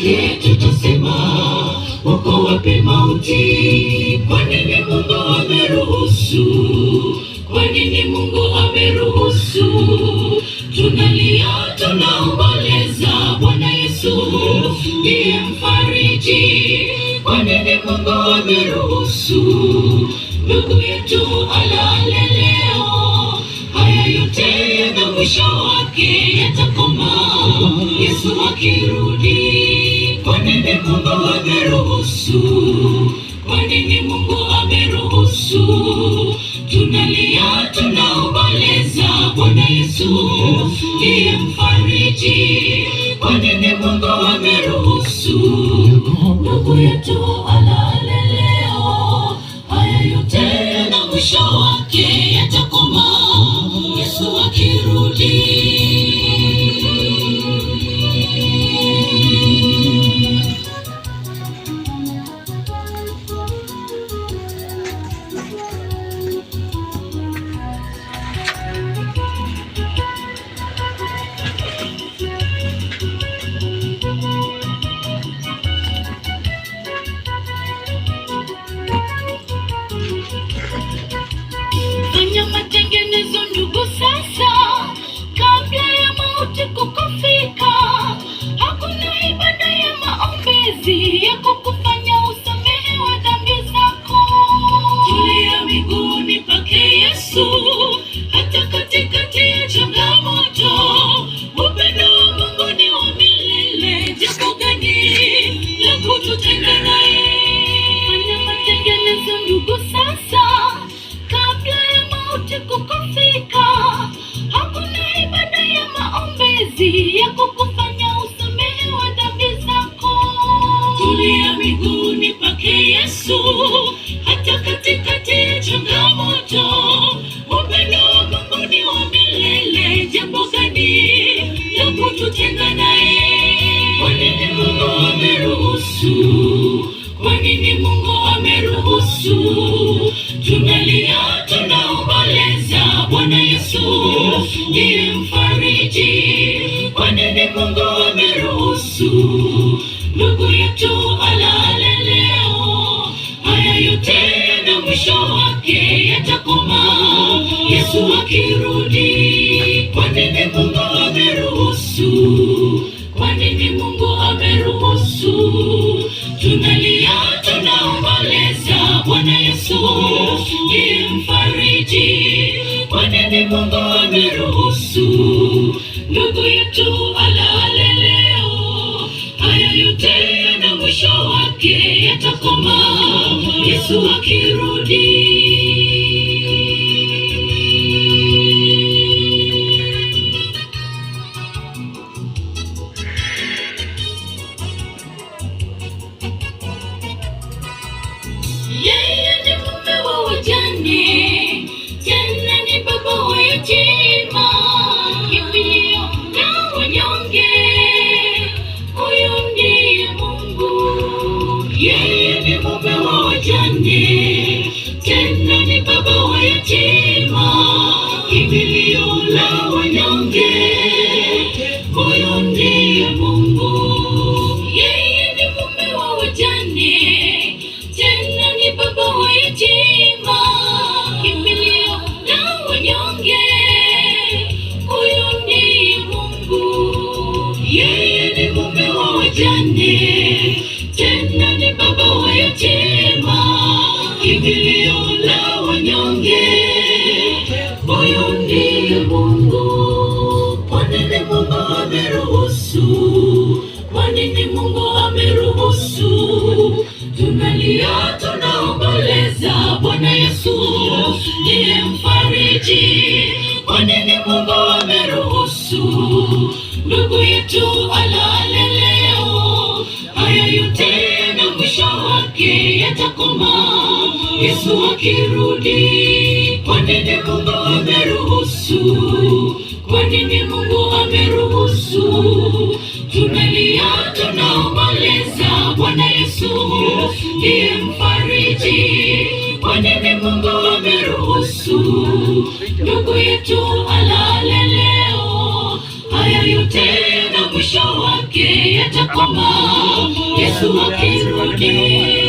yake tutasema, wako wapi mauti? Kwa nini Mungu ameruhusu? Kwa nini Mungu ameruhusu? Tunalia, tunaomboleza. Bwana Yesu ndiye mfariji. Kwa nini Mungu ameruhusu ndugu yetu alale leo? Haya yote yana mwisho wake, yatakoma Yesu akirudi. Kwa nini Mungu ameruhusu? Kwa nini Mungu ameruhusu? Tunalia, tunaomboleza, Bwana Yesu ndiye mfariji. Kwa nini Mungu ameruhusu? Ndugu yetu Mungu ameruhusu, tunalia tunaomboleza. Bwana Yesu ndiye mfariji, kwa nini Mungu ameruhusu ndugu yetu alale leo? Haya yote na mwisho wake, yatakoma Yesu akirudi. yatakomaa, Yesu akirudi. Yeye ni mume wa wajane, jana ni baba wa yatima. Kwa nini Mungu ameruhusu? Tunalia, tunaomboleza. Bwana Yesu ndiye mfariji. Kwa nini Mungu ameruhusu ndugu yetu alale leo? Haya yote na mwisho wake yatakoma, Yesu akirudi. Kwa nini Mungu ameruhusu? Kwa nini Mungu ameruhusu Yesu ndiye mfariji, kwani Mungu ameruhusu ndugu yetu alale leo. Haya yote na mwisho wake yatakomaa Yesu akirudi.